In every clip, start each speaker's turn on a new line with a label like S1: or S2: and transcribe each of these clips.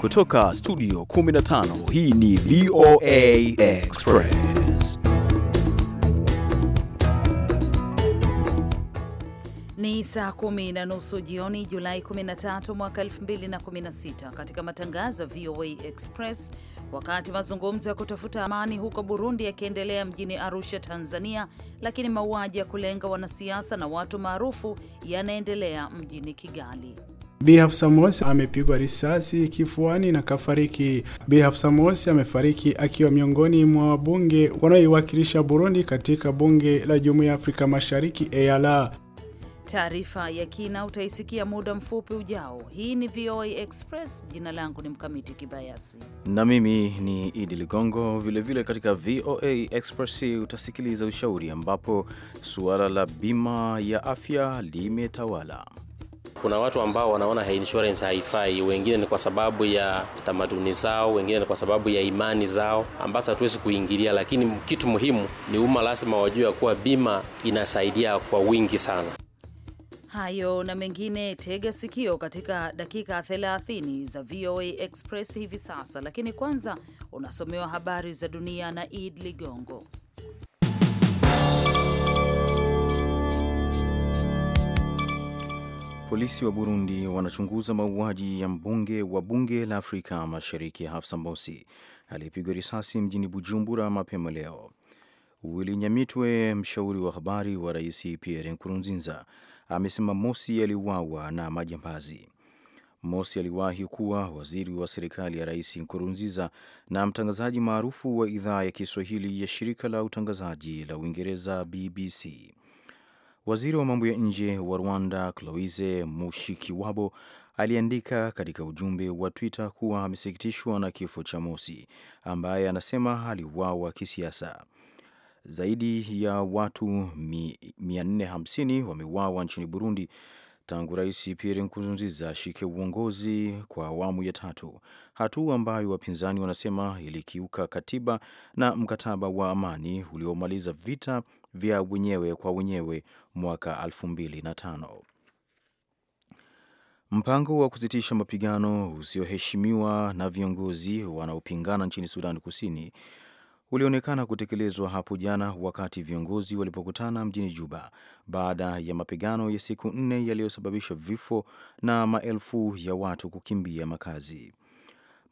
S1: Kutoka studio 15 hii ni VOA Express.
S2: Ni saa kumi na nusu jioni, Julai 13 mwaka 2016. Katika matangazo ya VOA Express, wakati mazungumzo ya kutafuta amani huko Burundi yakiendelea mjini Arusha, Tanzania, lakini mauaji ya kulenga wanasiasa na watu maarufu yanaendelea mjini Kigali.
S3: Bi Hafsa amepigwa risasi kifuani na kafariki. Bi Hafsa amefariki akiwa miongoni mwa wabunge wanaoiwakilisha Burundi katika bunge la Jumuiya ya Afrika Mashariki EALA.
S2: Taarifa ya kina utaisikia muda mfupi ujao. Hii ni VOA Express. Jina langu ni Mkamiti Kibayasi
S3: na
S1: mimi ni Idi Ligongo. Vilevile katika VOA Express utasikiliza ushauri, ambapo suala la bima ya afya limetawala.
S4: Kuna watu ambao wanaona insurance haifai, wengine ni kwa sababu ya tamaduni zao, wengine ni kwa sababu ya imani zao ambazo hatuwezi kuingilia, lakini kitu muhimu ni umma lazima wajue ya kuwa bima inasaidia kwa wingi sana.
S2: Hayo na mengine tega sikio katika dakika 30 za VOA Express hivi sasa, lakini kwanza unasomewa habari za dunia na Id Ligongo.
S1: Polisi wa Burundi wanachunguza mauaji ya mbunge wa bunge la Afrika Mashariki Hafsa Mosi aliyepigwa risasi mjini Bujumbura mapema leo. Willy Nyamitwe, mshauri wa habari wa Rais Pierre Nkurunziza, amesema Mosi aliuawa na majambazi. Mosi aliwahi kuwa waziri wa serikali ya Rais Nkurunziza na mtangazaji maarufu wa idhaa ya Kiswahili ya shirika la utangazaji la Uingereza BBC. Waziri wa mambo ya nje wa Rwanda Cloise Mushikiwabo aliandika katika ujumbe wa Twitter kuwa amesikitishwa na kifo cha Mosi ambaye anasema aliuawa kisiasa. Zaidi ya watu 450 wameuawa nchini Burundi tangu Rais Pierre Nkurunziza ashike uongozi kwa awamu ya tatu, hatua ambayo wapinzani wanasema ilikiuka katiba na mkataba wa amani uliomaliza vita vya wenyewe kwa wenyewe mwaka 2005. Mpango wa kusitisha mapigano usioheshimiwa na viongozi wanaopingana nchini Sudan Kusini ulionekana kutekelezwa hapo jana wakati viongozi walipokutana mjini Juba baada ya mapigano ya siku nne yaliyosababisha vifo na maelfu ya watu kukimbia makazi.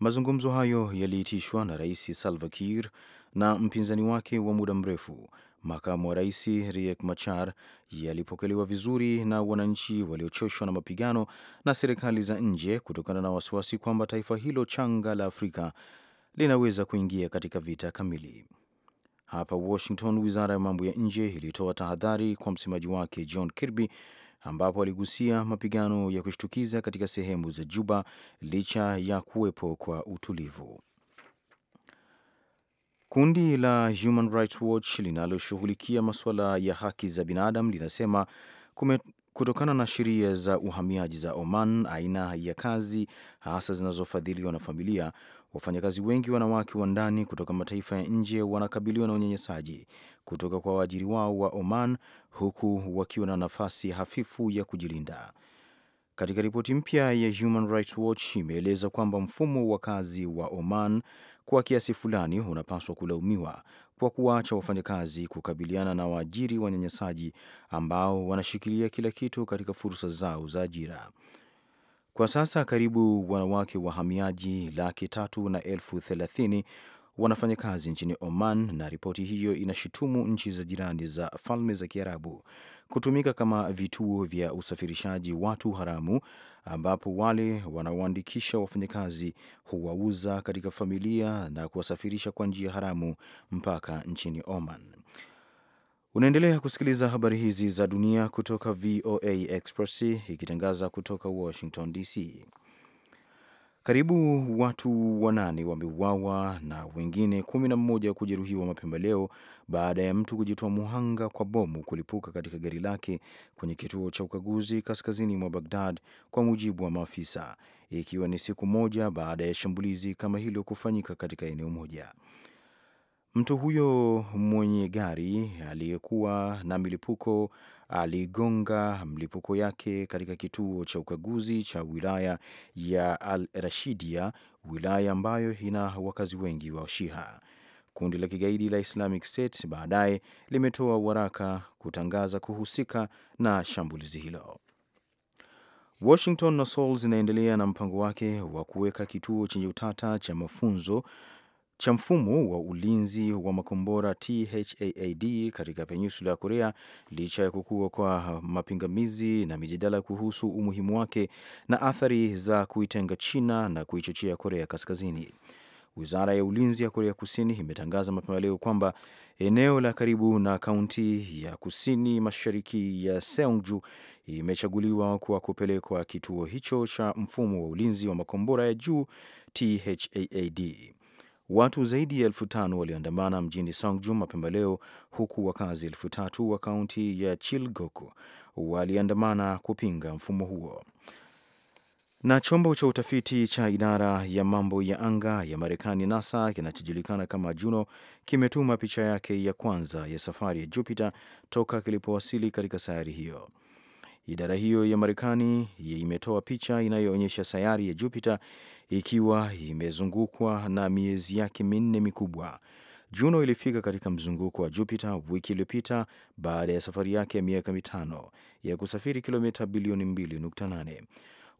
S1: Mazungumzo hayo yaliitishwa na Rais Salva Kiir na mpinzani wake wa muda mrefu Makamu wa rais Riek Machar yalipokelewa vizuri na wananchi waliochoshwa na mapigano na serikali za nje kutokana na wasiwasi kwamba taifa hilo changa la Afrika linaweza kuingia katika vita kamili. Hapa Washington, wizara ya mambo ya nje ilitoa tahadhari kwa msemaji wake John Kirby, ambapo aligusia mapigano ya kushtukiza katika sehemu za Juba licha ya kuwepo kwa utulivu. Kundi la Human Rights Watch linaloshughulikia masuala ya haki za binadamu linasema kume, kutokana na sheria za uhamiaji za Oman, aina ya kazi hasa zinazofadhiliwa na familia, wafanyakazi wengi wanawake wa ndani kutoka mataifa ya nje wanakabiliwa na unyanyasaji kutoka kwa waajiri wao wa Oman, huku wakiwa na nafasi hafifu ya kujilinda. Katika ripoti mpya ya Human Rights Watch imeeleza kwamba mfumo wa kazi wa Oman kwa kiasi fulani unapaswa kulaumiwa kwa kuwaacha wafanyakazi kukabiliana na waajiri wanyanyasaji ambao wanashikilia kila kitu katika fursa zao za ajira. Kwa sasa karibu wanawake wahamiaji laki tatu na elfu thelathini wanafanya kazi nchini Oman, na ripoti hiyo inashutumu nchi za jirani za Falme za Kiarabu kutumika kama vituo vya usafirishaji watu haramu, ambapo wale wanaoandikisha wafanyakazi huwauza katika familia na kuwasafirisha kwa njia haramu mpaka nchini Oman. Unaendelea kusikiliza habari hizi za dunia kutoka VOA Express ikitangaza kutoka Washington DC. Karibu watu wanane wameuawa na wengine kumi na mmoja kujeruhiwa mapema leo baada ya mtu kujitoa muhanga kwa bomu kulipuka katika gari lake kwenye kituo cha ukaguzi kaskazini mwa Bagdad, kwa mujibu wa maafisa, ikiwa ni siku moja baada ya shambulizi kama hilo kufanyika katika eneo moja. Mtu huyo mwenye gari aliyekuwa na milipuko aligonga mlipuko yake katika kituo cha ukaguzi cha wilaya ya Al Rashidia, wilaya ambayo ina wakazi wengi wa Shiha. Kundi la kigaidi la Islamic State baadaye limetoa waraka kutangaza kuhusika na shambulizi hilo. Washington na Seoul zinaendelea na mpango wake wa kuweka kituo chenye utata cha mafunzo cha mfumo wa ulinzi wa makombora THAAD katika peninsula ya Korea licha ya kukua kwa mapingamizi na mijadala kuhusu umuhimu wake na athari za kuitenga China na kuichochea Korea Kaskazini. Wizara ya ulinzi ya Korea Kusini imetangaza mapema leo kwamba eneo la karibu na kaunti ya kusini mashariki ya Seongju imechaguliwa kwa kupelekwa kituo hicho cha mfumo wa ulinzi wa makombora ya juu THAAD. Watu zaidi ya elfu tano waliandamana mjini Songju mapema leo, huku wakazi elfu tatu wa kaunti ya Chilgoku waliandamana kupinga mfumo huo. Na chombo cha utafiti cha idara ya mambo ya anga ya Marekani, NASA, kinachojulikana kama Juno kimetuma picha yake ya kwanza ya safari ya Jupiter toka kilipowasili katika sayari hiyo. Idara hiyo ya Marekani imetoa picha inayoonyesha sayari ya Jupiter ikiwa imezungukwa na miezi yake minne mikubwa. Juno ilifika katika mzunguko wa Jupiter wiki iliyopita baada ya safari yake ya miaka mitano ya kusafiri kilomita bilioni 2.8.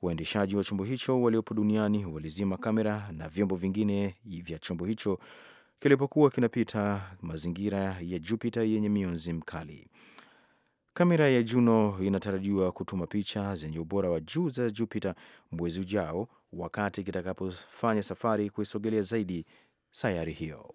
S1: Waendeshaji wa chombo hicho waliopo duniani walizima kamera na vyombo vingine vya chombo hicho kilipokuwa kinapita mazingira ya Jupiter yenye mionzi mkali. Kamera ya Juno inatarajiwa kutuma picha zenye ubora wa juu za Jupiter mwezi ujao wakati kitakapofanya safari kuisogelea zaidi sayari hiyo.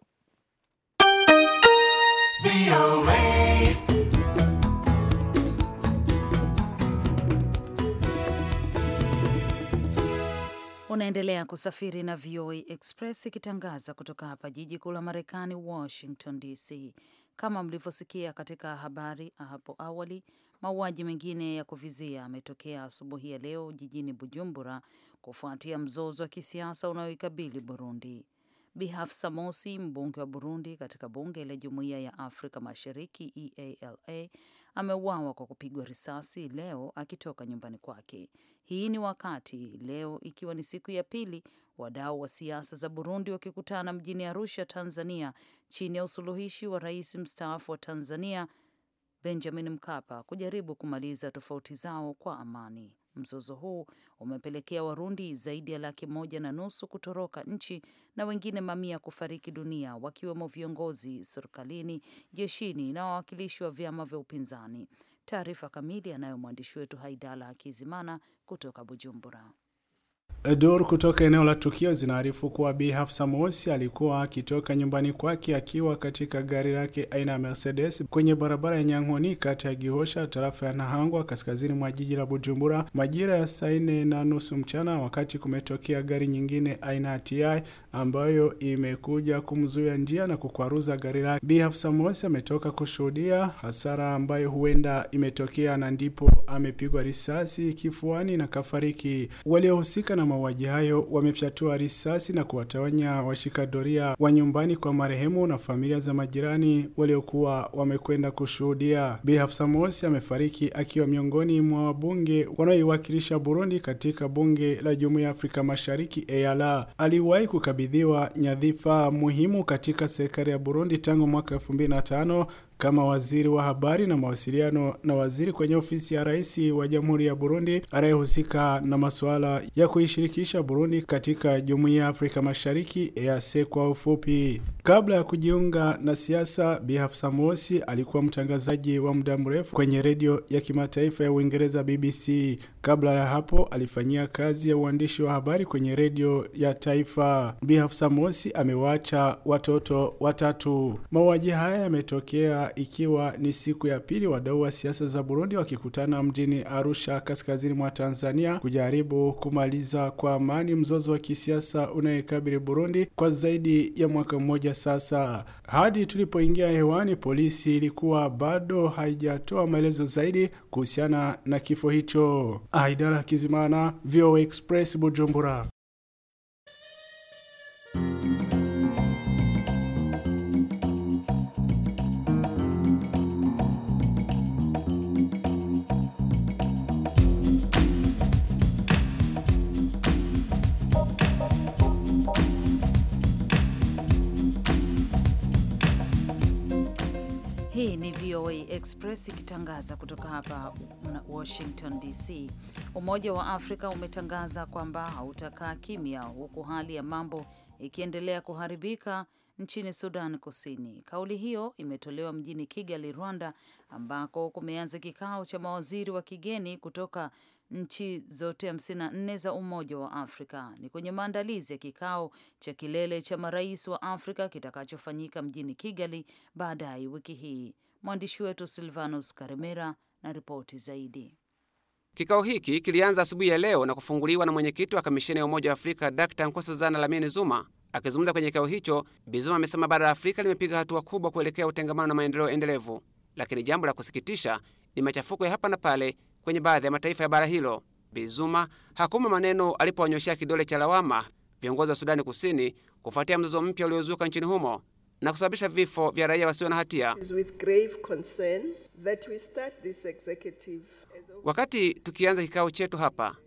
S2: Unaendelea kusafiri na VOA Express ikitangaza kutoka hapa jiji kuu la Marekani, Washington DC. Kama mlivyosikia katika habari hapo awali, mauaji mengine ya kuvizia ametokea asubuhi ya leo jijini Bujumbura, kufuatia mzozo wa kisiasa unaoikabili Burundi. Bihafsa Mosi, mbunge wa Burundi katika bunge la Jumuiya ya Afrika Mashariki EALA, ameuawa kwa kupigwa risasi leo akitoka nyumbani kwake. Hii ni wakati leo ikiwa ni siku ya pili wadau wa siasa za Burundi wakikutana mjini Arusha, Tanzania, chini ya usuluhishi wa rais mstaafu wa Tanzania Benjamin Mkapa kujaribu kumaliza tofauti zao kwa amani. Mzozo huu umepelekea Warundi zaidi ya laki moja na nusu kutoroka nchi na wengine mamia kufariki dunia, wakiwemo viongozi serikalini, jeshini na wawakilishi wa vyama vya upinzani. Taarifa kamili anayo mwandishi wetu Haidala Hakizimana kutoka Bujumbura
S3: dur kutoka eneo la tukio zinaarifu kuwa Bi Hafsa Mosi alikuwa akitoka nyumbani kwake akiwa katika gari lake aina ya Mercedes kwenye barabara ya nyangoni kati ya Gihosha tarafa ya Nahangwa kaskazini mwa jiji la Bujumbura majira ya saa nne na nusu mchana, wakati kumetokea gari nyingine aina ya TI ambayo imekuja kumzuia njia na kukwaruza gari lake. Bi Hafsa Mosi ametoka kushuhudia hasara ambayo huenda imetokea na ndipo amepigwa risasi kifuani na kafariki. Waliohusika na na mauaji hayo wamefyatua risasi na kuwatawanya washika doria wa nyumbani kwa marehemu na familia za majirani waliokuwa wamekwenda kushuhudia. Bi Hafsa Mosi amefariki akiwa miongoni mwa wabunge wanaoiwakilisha Burundi katika bunge la Jumuiya ya Afrika Mashariki EALA. Aliwahi kukabidhiwa nyadhifa muhimu katika serikali ya Burundi tangu mwaka tano kama waziri wa habari na mawasiliano na waziri kwenye ofisi ya rais wa Jamhuri ya Burundi anayehusika na masuala ya kuishirikisha Burundi katika Jumuiya ya Afrika Mashariki EAC kwa ufupi. Kabla ya kujiunga na siasa, Bi Hafsa Mosi alikuwa mtangazaji wa muda mrefu kwenye redio ya kimataifa ya Uingereza BBC. Kabla ya hapo, alifanyia kazi ya uandishi wa habari kwenye redio ya taifa. Bi Hafsa Mosi amewaacha watoto watatu. Mauaji haya yametokea ikiwa ni siku ya pili wadau wa siasa za Burundi wakikutana mjini Arusha kaskazini mwa Tanzania kujaribu kumaliza kwa amani mzozo wa kisiasa unayekabili Burundi kwa zaidi ya mwaka mmoja sasa. Hadi tulipoingia hewani, polisi ilikuwa bado haijatoa maelezo zaidi kuhusiana na kifo hicho. Aidara Kizimana, VOA Express, Bujumbura.
S2: VOA Express ikitangaza kutoka hapa Washington DC. Umoja wa Afrika umetangaza kwamba hautakaa kimya huku hali ya mambo ikiendelea kuharibika nchini Sudan Kusini. Kauli hiyo imetolewa mjini Kigali, Rwanda, ambako kumeanza kikao cha mawaziri wa kigeni kutoka nchi zote 54 za Umoja wa Afrika. Ni kwenye maandalizi ya kikao cha kilele cha marais wa Afrika kitakachofanyika mjini Kigali baadaye wiki hii. Mwandishi wetu Silvanus Karimera na ripoti zaidi.
S5: Kikao hiki kilianza asubuhi ya leo na kufunguliwa na mwenyekiti wa kamisheni ya Umoja wa Afrika Dr Nkosazana Lamini Zuma. Akizungumza kwenye kikao hicho, Bizuma amesema bara la Afrika limepiga hatua kubwa kuelekea utengamano na maendeleo endelevu, lakini jambo la kusikitisha ni machafuko ya hapa na pale kwenye baadhi ya mataifa ya bara hilo. Bizuma hakuma maneno alipowanyoshea kidole cha lawama viongozi wa Sudani Kusini kufuatia mzozo mpya uliozuka nchini humo na kusababisha vifo vya raia wasio na hatia. Wakati tukianza kikao chetu hapa,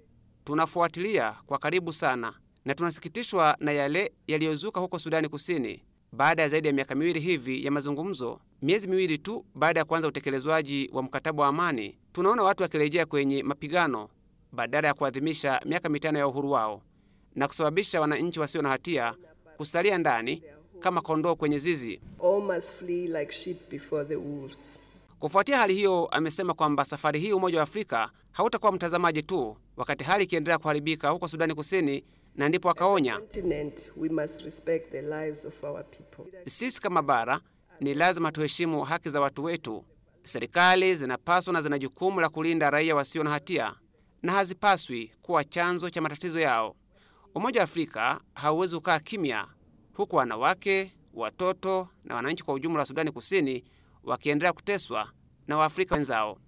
S5: tunafuatilia kwa karibu sana na tunasikitishwa na yale yaliyozuka huko Sudani Kusini baada ya zaidi ya miaka miwili hivi ya mazungumzo, miezi miwili tu baada ya kuanza utekelezwaji wa mkataba wa amani, tunaona watu wakirejea kwenye mapigano badala ya kuadhimisha miaka mitano ya uhuru wao na kusababisha wananchi wasio na hatia kusalia ndani kama kondoo kwenye zizi.
S4: All must flee like sheep before the wolves.
S5: Kufuatia hali hiyo, amesema kwamba safari hii Umoja wa Afrika hautakuwa mtazamaji tu wakati hali ikiendelea kuharibika huko Sudani Kusini, na ndipo akaonya, sisi kama bara ni lazima tuheshimu haki za watu wetu. Serikali zinapaswa na zina jukumu la kulinda raia wasio na hatia na hazipaswi kuwa chanzo cha matatizo yao. Umoja wa Afrika hauwezi kukaa kimya huku wanawake, watoto na wananchi kwa ujumla wa Sudani Kusini wakiendelea kuteswa na Waafrika wenzao.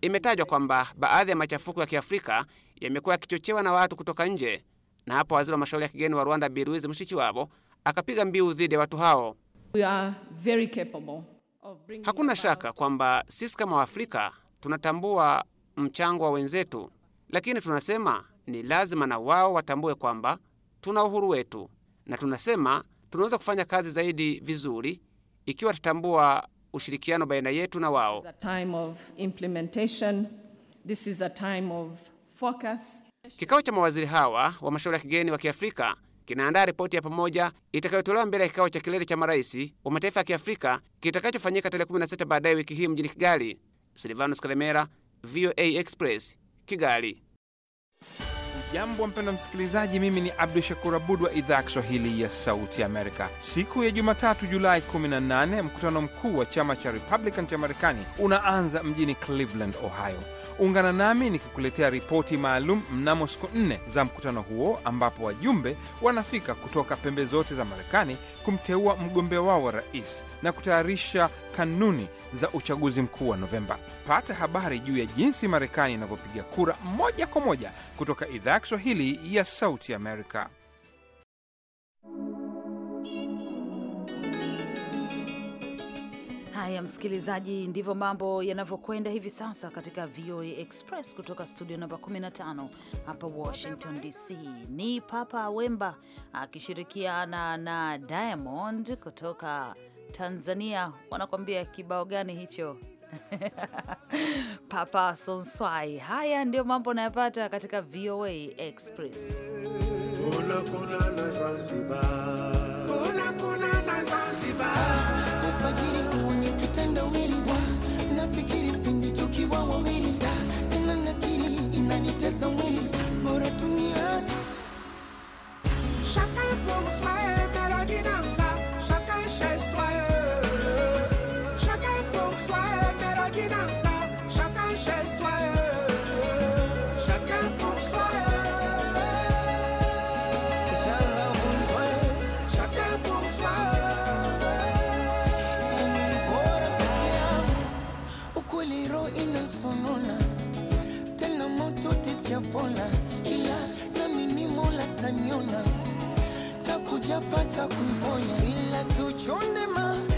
S5: Imetajwa kwamba baadhi ya machafuko ya Kiafrika yamekuwa yakichochewa na watu kutoka nje, na hapo waziri wa mashauri ya kigeni wa Rwanda mshichi Mushikiwabo akapiga mbiu dhidi ya watu hao.
S2: We are very capable of bringing.
S5: Hakuna shaka kwamba sisi kama Waafrika tunatambua mchango wa wenzetu, lakini tunasema ni lazima na wao watambue kwamba tuna uhuru wetu, na tunasema tunaweza kufanya kazi zaidi vizuri ikiwa tutambua ushirikiano baina yetu na wao. Kikao cha mawaziri hawa wa mashauri ya kigeni wa Kiafrika kinaandaa ripoti ya pamoja itakayotolewa mbele ya kikao cha kilele cha marais wa mataifa ya Kiafrika kitakachofanyika tarehe 16 baadaye wiki hii mjini Kigali. Silvanus Kalemera, VOA Express, Kigali.
S6: Jambo mpendo msikilizaji, mimi ni Abdu Shakur Abud wa idhaa ya Kiswahili ya Sauti Amerika. Siku ya Jumatatu, Julai 18, mkutano mkuu wa chama cha Republican cha Marekani unaanza mjini Cleveland, Ohio. Ungana nami nikikuletea ripoti maalum mnamo siku nne za mkutano huo, ambapo wajumbe wanafika kutoka pembe zote za Marekani kumteua mgombea wao wa rais na kutayarisha kanuni za uchaguzi mkuu wa Novemba. Pata habari juu ya jinsi Marekani inavyopiga kura moja kwa moja kutoka idhaa ya Kiswahili ya Sauti Amerika.
S2: Haya msikilizaji, ndivyo mambo yanavyokwenda hivi sasa katika VOA Express kutoka studio namba 15 hapa Washington DC. Ni Papa Wemba akishirikiana na Diamond kutoka Tanzania. Wanakuambia kibao gani hicho? Papa Sonswai. Haya ndio mambo nayapata katika VOA Express.
S4: Kuna kuna na Zanzibar. Kuna kuna na
S3: Zanzibar.
S6: kwenye kitanda nafikiri pindi tukiwa wawili, tena nakiri inanitesa mwili, bora shaka ya kuwa sijapola, ila nami ni Mola taniona, takujapata kumponya, ila tuchonde ma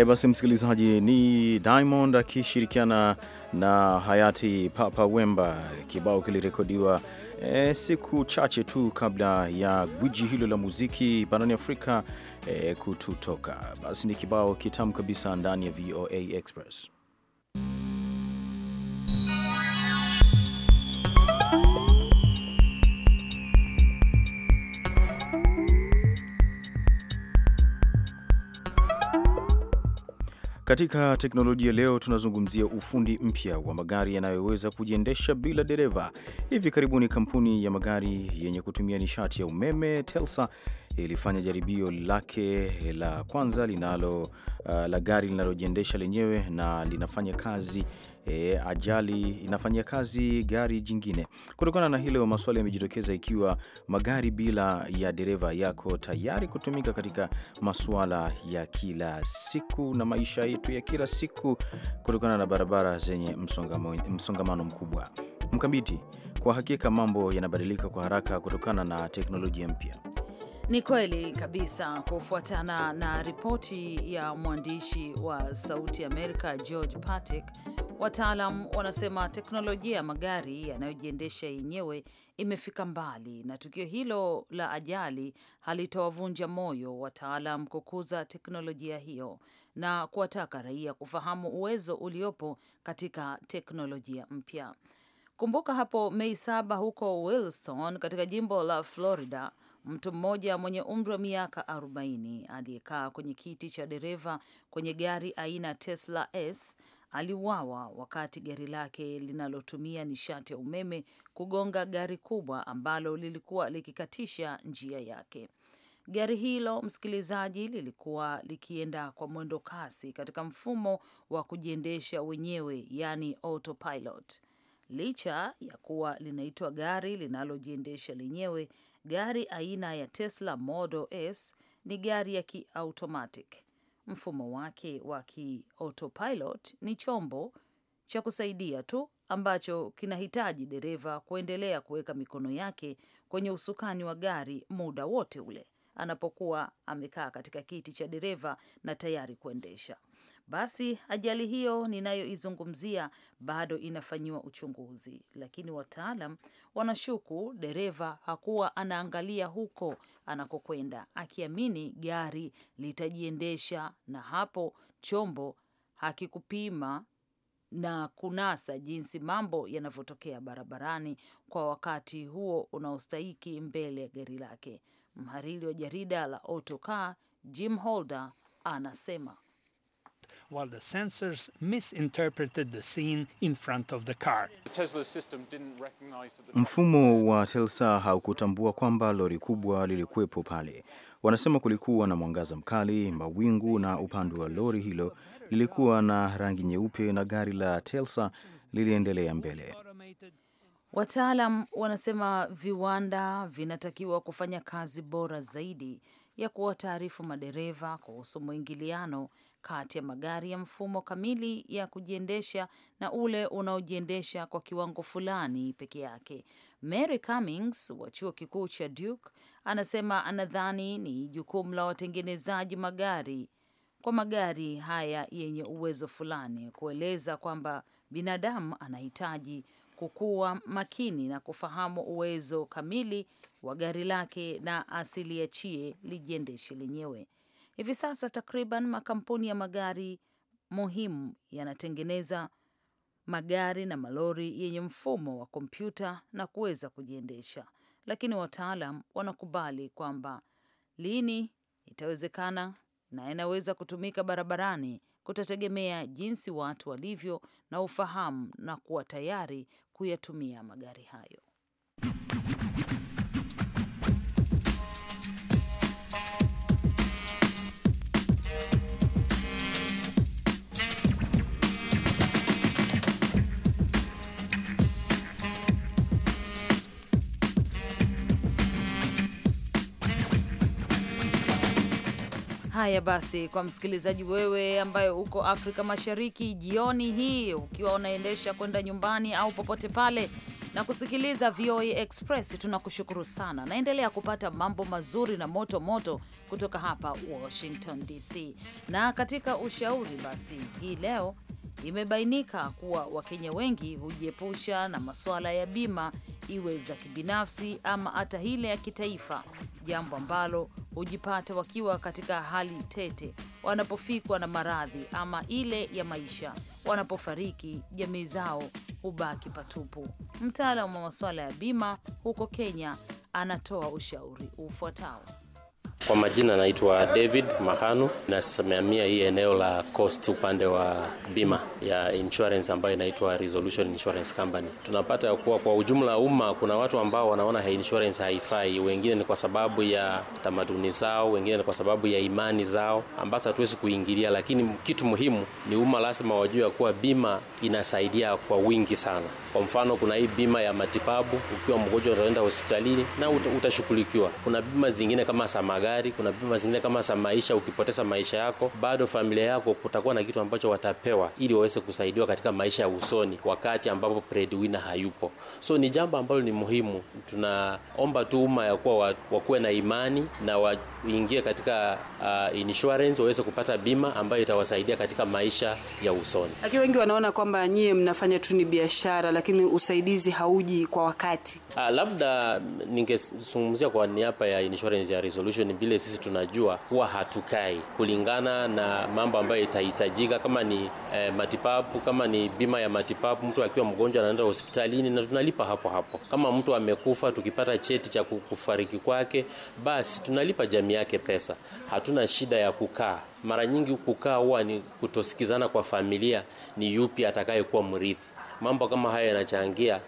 S1: Haya basi, msikilizaji, ni Diamond akishirikiana na hayati Papa Wemba. Kibao kilirekodiwa e, siku chache tu kabla ya gwiji hilo la muziki barani Afrika e, kututoka. Basi ni kibao kitamu kabisa ndani ya VOA Express. Katika teknolojia leo, tunazungumzia ufundi mpya wa magari yanayoweza kujiendesha bila dereva. Hivi karibuni kampuni ya magari yenye kutumia nishati ya umeme Telsa ilifanya jaribio lake la kwanza linalo uh, la gari linalojiendesha lenyewe na linafanya kazi E, ajali inafanyia kazi gari jingine. Kutokana na hilo, maswali yamejitokeza ikiwa magari bila ya dereva yako tayari kutumika katika masuala ya kila siku na maisha yetu ya kila siku, kutokana na barabara zenye msongamano mkubwa. Mkabiti, kwa hakika mambo yanabadilika kwa haraka kutokana na teknolojia mpya.
S2: Ni kweli kabisa. Kufuatana na ripoti ya mwandishi wa Sauti Amerika George Patek, wataalam wanasema teknolojia ya magari yanayojiendesha yenyewe imefika mbali, na tukio hilo la ajali halitawavunja moyo wataalam kukuza teknolojia hiyo na kuwataka raia kufahamu uwezo uliopo katika teknolojia mpya. Kumbuka hapo Mei saba huko Williston katika jimbo la Florida Mtu mmoja mwenye umri wa miaka 40 aliyekaa kwenye kiti cha dereva kwenye gari aina Tesla S aliuawa wakati gari lake linalotumia nishati ya umeme kugonga gari kubwa ambalo lilikuwa likikatisha njia yake. Gari hilo msikilizaji, lilikuwa likienda kwa mwendo kasi katika mfumo wa kujiendesha wenyewe, yani autopilot. Licha ya kuwa linaitwa gari linalojiendesha lenyewe, Gari aina ya Tesla Model S ni gari ya kiautomatic. Mfumo wake wa kiautopilot ni chombo cha kusaidia tu ambacho kinahitaji dereva kuendelea kuweka mikono yake kwenye usukani wa gari muda wote ule anapokuwa amekaa katika kiti cha dereva na tayari kuendesha. Basi ajali hiyo ninayoizungumzia bado inafanyiwa uchunguzi, lakini wataalam wanashuku dereva hakuwa anaangalia huko anakokwenda, akiamini gari litajiendesha, na hapo chombo hakikupima na kunasa jinsi mambo yanavyotokea barabarani kwa wakati huo unaostahiki mbele ya gari lake. Mhariri wa jarida la Autocar Jim Holder anasema while the sensors
S4: misinterpreted the scene in front of the car.
S1: Mfumo wa Telsa haukutambua kwamba lori kubwa lilikuwepo pale. Wanasema kulikuwa na mwangaza mkali, mawingu, na upande wa lori hilo lilikuwa na rangi nyeupe na gari la Telsa liliendelea mbele.
S2: Wataalam wanasema viwanda vinatakiwa kufanya kazi bora zaidi ya kuwataarifu madereva kuhusu mwingiliano kati ya magari ya mfumo kamili ya kujiendesha na ule unaojiendesha kwa kiwango fulani peke yake. Mary Cummings wa chuo kikuu cha Duke anasema anadhani ni jukumu la watengenezaji magari kwa magari haya yenye uwezo fulani kueleza kwamba binadamu anahitaji kukuwa makini na kufahamu uwezo kamili wa gari lake na asiliachie lijiendeshe lenyewe. Hivi sasa takriban makampuni ya magari muhimu yanatengeneza magari na malori yenye mfumo wa kompyuta na kuweza kujiendesha, lakini wataalam wanakubali kwamba lini itawezekana na inaweza kutumika barabarani kutategemea jinsi watu walivyo na ufahamu na kuwa tayari kuyatumia magari hayo. Haya basi, kwa msikilizaji wewe ambaye uko Afrika Mashariki, jioni hii ukiwa unaendesha kwenda nyumbani au popote pale na kusikiliza VOA Express, tunakushukuru sana. Naendelea kupata mambo mazuri na moto moto kutoka hapa Washington DC. Na katika ushauri basi, hii leo imebainika kuwa Wakenya wengi hujiepusha na masuala ya bima, iwe za kibinafsi ama hata hile ya kitaifa, jambo ambalo hujipata wakiwa katika hali tete wanapofikwa na maradhi ama ile ya maisha. Wanapofariki, jamii zao hubaki patupu. Mtaalamu wa masuala ya bima huko Kenya anatoa ushauri ufuatao.
S4: Kwa majina naitwa David Mahanu, nasimamia hii eneo la cost upande wa bima ya insurance ambayo inaitwa Resolution Insurance Company. Tunapata ya kuwa kwa ujumla umma, kuna watu ambao wanaona hii insurance haifai. Wengine ni kwa sababu ya tamaduni zao, wengine ni kwa sababu ya imani zao ambazo hatuwezi kuingilia, lakini kitu muhimu ni umma lazima wajue kuwa bima inasaidia kwa wingi sana. Kwa mfano, kuna hii bima ya matibabu, ukiwa mgonjwa utaenda hospitalini na utashughulikiwa. Kuna bima zingine kama samaga gari, kuna bima zingine kama za maisha. Ukipoteza maisha yako, bado familia yako kutakuwa na kitu ambacho watapewa ili waweze kusaidiwa katika maisha ya usoni, wakati ambapo breadwinner hayupo. So ni jambo ambalo ni muhimu, tunaomba tu umma ya kuwa wakuwe na imani na wa uingie katika uh, insurance waweze kupata bima ambayo itawasaidia katika maisha ya usoni.
S2: Lakini wengi wanaona kwamba nyie mnafanya tu ni biashara, lakini usaidizi hauji kwa wakati.
S4: Uh, labda ningezungumzia kwa niaba ya insurance ya Resolution, vile sisi tunajua huwa hatukai kulingana na mambo ambayo itahitajika, kama ni eh, matibabu, kama ni bima ya matibabu. Mtu akiwa mgonjwa anaenda hospitalini na tunalipa hapo hapo. Kama mtu amekufa, tukipata cheti cha kufariki kwake, basi tunalipa jamii sehemu yake pesa. Hatuna shida ya kukaa. Mara nyingi kukaa huwa ni kutosikizana kwa familia, ni yupi atakayekuwa mrithi. Mambo kama hayo yanachangia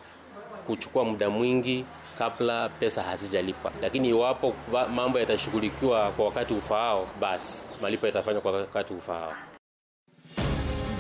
S4: kuchukua muda mwingi kabla pesa hazijalipwa, lakini iwapo mambo yatashughulikiwa kwa wakati ufaao, basi malipo yatafanywa kwa wakati ufaao.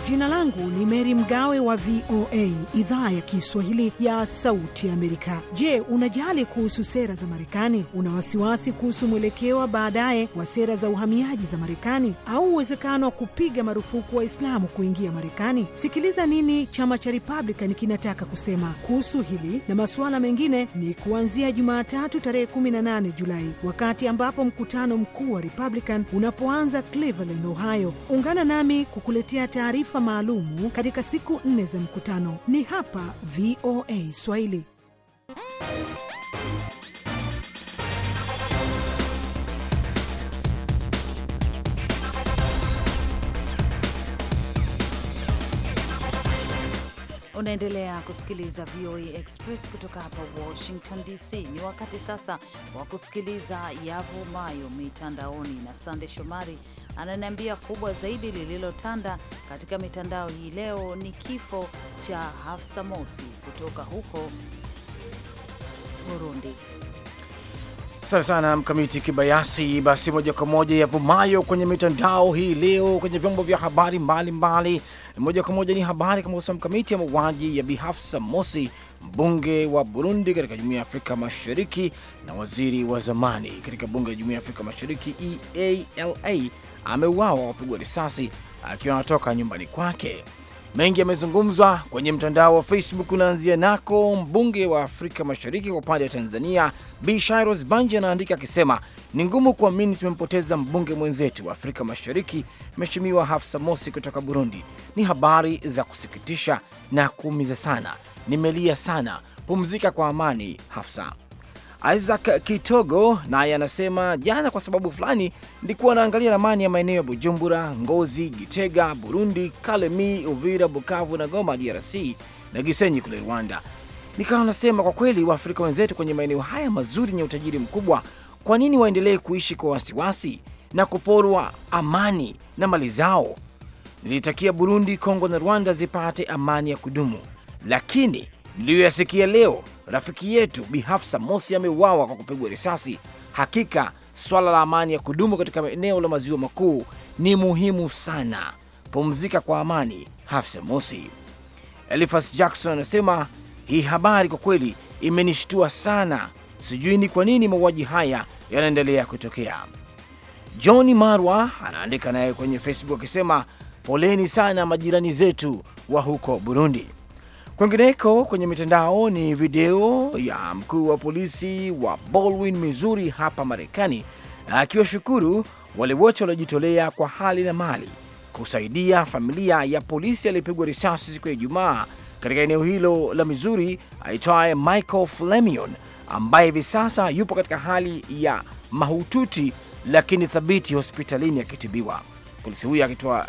S2: Jina langu ni Meri Mgawe wa VOA idhaa ya Kiswahili ya Sauti Amerika. Je, unajali kuhusu sera za Marekani? Una wasiwasi kuhusu mwelekeo wa baadaye wa sera za uhamiaji za Marekani au uwezekano wa kupiga marufuku Waislamu kuingia Marekani? Sikiliza nini chama cha Republican kinataka kusema kuhusu hili na masuala mengine, ni kuanzia Jumatatu tarehe 18 Julai, wakati ambapo mkutano mkuu wa Republican unapoanza Cleveland, Ohio. Ungana nami kukuletea taarifa taarifa maalumu katika siku nne za mkutano. Ni hapa VOA Swahili. Unaendelea kusikiliza VOA Express kutoka hapa Washington DC. Ni wakati sasa wa kusikiliza yavumayo mitandaoni na Sande Shomari ananiambia kubwa zaidi lililotanda katika mitandao hii leo ni kifo cha Hafsa Mosi kutoka huko Burundi.
S6: Asante sana Mkamiti Kibayasi. Basi moja kwa moja yavumayo kwenye mitandao hii leo kwenye vyombo vya habari mbalimbali, moja kwa moja ni habari kama usa Mkamiti ya mauaji ya Bi Hafsa Mosi, mbunge wa Burundi katika Jumuiya ya Afrika Mashariki na waziri wa zamani katika bunge la Jumuiya ya Afrika Mashariki EALA ameuawa wapigwa risasi akiwa anatoka nyumbani kwake. Mengi yamezungumzwa kwenye mtandao wa Facebook. Unaanzia nako mbunge wa Afrika Mashariki kwa upande wa Tanzania, b Shairos banji anaandika akisema, ni ngumu kuamini tumempoteza mbunge mwenzetu wa Afrika Mashariki, Mheshimiwa Hafsa Mosi kutoka Burundi. Ni habari za kusikitisha na kuumiza sana, nimelia sana. Pumzika kwa amani Hafsa. Isaac Kitogo naye anasema jana, kwa sababu fulani nilikuwa naangalia ramani ya maeneo ya Bujumbura, Ngozi, Gitega, Burundi, Kalemi, Uvira, Bukavu na Goma, DRC na Gisenyi kule Rwanda, nikawa nasema kwa kweli Waafrika wenzetu kwenye maeneo haya mazuri yenye utajiri mkubwa, kwa nini waendelee kuishi kwa wasiwasi na kuporwa amani na mali zao? Nilitakia Burundi, Kongo na Rwanda zipate amani ya kudumu, lakini niliyoyasikia leo, rafiki yetu Bi Hafsa Mosi ameuawa kwa kupigwa risasi. Hakika swala la amani ya kudumu katika eneo la maziwa makuu ni muhimu sana. Pumzika kwa amani, Hafsa Mosi. Elifas Jackson anasema hii habari kwa kweli imenishtua sana, sijui ni kwa nini mauaji haya yanaendelea kutokea. John Marwa anaandika naye kwenye Facebook akisema poleni sana majirani zetu wa huko Burundi. Kwingineko kwenye mitandao ni video ya mkuu wa polisi wa Baldwin, Missouri hapa Marekani akiwashukuru wale wote waliojitolea kwa hali na mali kusaidia familia ya polisi aliyepigwa risasi siku ya Ijumaa katika eneo hilo la Missouri aitwaye Michael Flemion ambaye hivi sasa yupo katika hali ya mahututi lakini thabiti hospitalini akitibiwa. Polisi huyo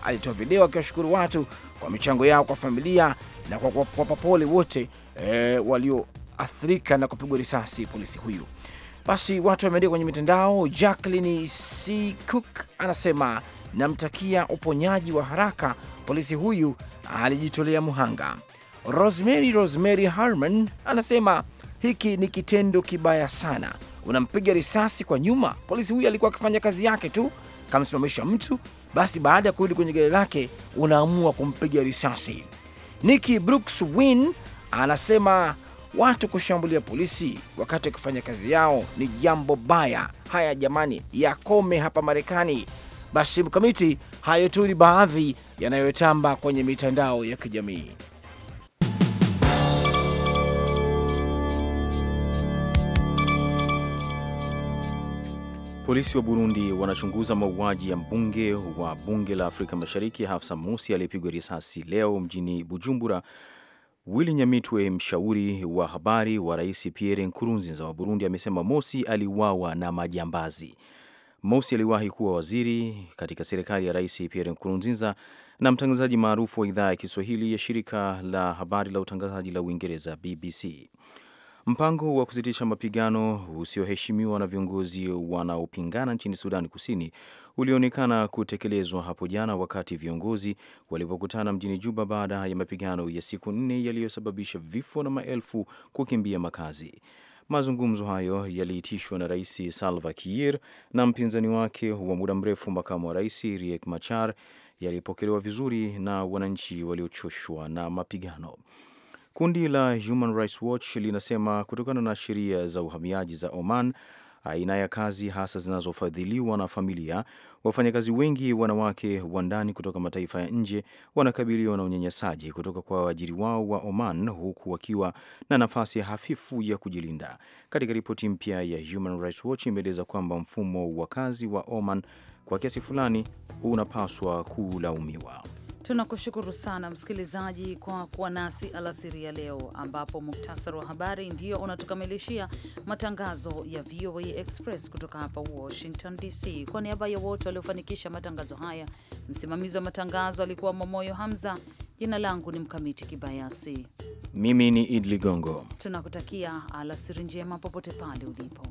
S6: alitoa video akiwashukuru watu kwa michango yao kwa familia na kwa kuwapa pole wote e, walioathirika na kupigwa risasi polisi huyu. Basi watu wameandika kwenye mitandao. Jacqueline C Cook anasema namtakia uponyaji wa haraka, polisi huyu alijitolea muhanga. Rosemary Rosemary Harman anasema hiki ni kitendo kibaya sana, unampiga risasi kwa nyuma. Polisi huyu alikuwa akifanya kazi yake tu, kamsimamisha mtu, basi baada ya kurudi kwenye gari lake unaamua kumpiga risasi. Nikki Brooks Win anasema watu kushambulia polisi wakati wakifanya kazi yao ni jambo baya. Haya jamani, yakome hapa Marekani. Basi mkamiti, hayo tu ni baadhi yanayotamba kwenye mitandao ya kijamii.
S1: Polisi wa Burundi wanachunguza mauaji ya mbunge wa bunge la Afrika Mashariki Hafsa Musi aliyepigwa risasi leo mjini Bujumbura. Willy Nyamitwe, mshauri wa habari wa Rais Pierre Nkurunziza wa Burundi, amesema Mosi aliuawa na majambazi. Mosi aliwahi kuwa waziri katika serikali ya Rais Pierre Nkurunziza na mtangazaji maarufu wa idhaa ya Kiswahili ya shirika la habari la utangazaji la Uingereza BBC. Mpango wa kusitisha mapigano usioheshimiwa na viongozi wanaopingana nchini Sudani Kusini ulionekana kutekelezwa hapo jana wakati viongozi walipokutana mjini Juba baada ya mapigano ya siku nne yaliyosababisha vifo na maelfu kukimbia makazi. Mazungumzo hayo yaliitishwa na Rais Salva Kiir na mpinzani wake wa muda mrefu, makamu wa rais Riek Machar, yalipokelewa vizuri na wananchi waliochoshwa na mapigano. Kundi la Human Rights Watch linasema kutokana na sheria za uhamiaji za Oman, aina ya kazi hasa zinazofadhiliwa na familia, wafanyakazi wengi wanawake wa ndani kutoka mataifa ya nje wanakabiliwa na unyanyasaji kutoka kwa waajiri wao wa Oman, huku wakiwa na nafasi hafifu ya kujilinda. Katika ripoti mpya ya Human Rights Watch imeeleza kwamba mfumo wa kazi wa Oman kwa kiasi fulani unapaswa kulaumiwa.
S2: Tunakushukuru sana msikilizaji kwa kuwa nasi alasiri ya leo, ambapo muktasari wa habari ndio unatukamilishia matangazo ya VOA Express kutoka hapa Washington DC. Kwa niaba ya wote waliofanikisha matangazo haya, msimamizi wa matangazo alikuwa Momoyo Hamza. Jina langu ni Mkamiti Kibayasi,
S1: mimi ni Idi Ligongo.
S2: Tunakutakia alasiri njema popote pale ulipo.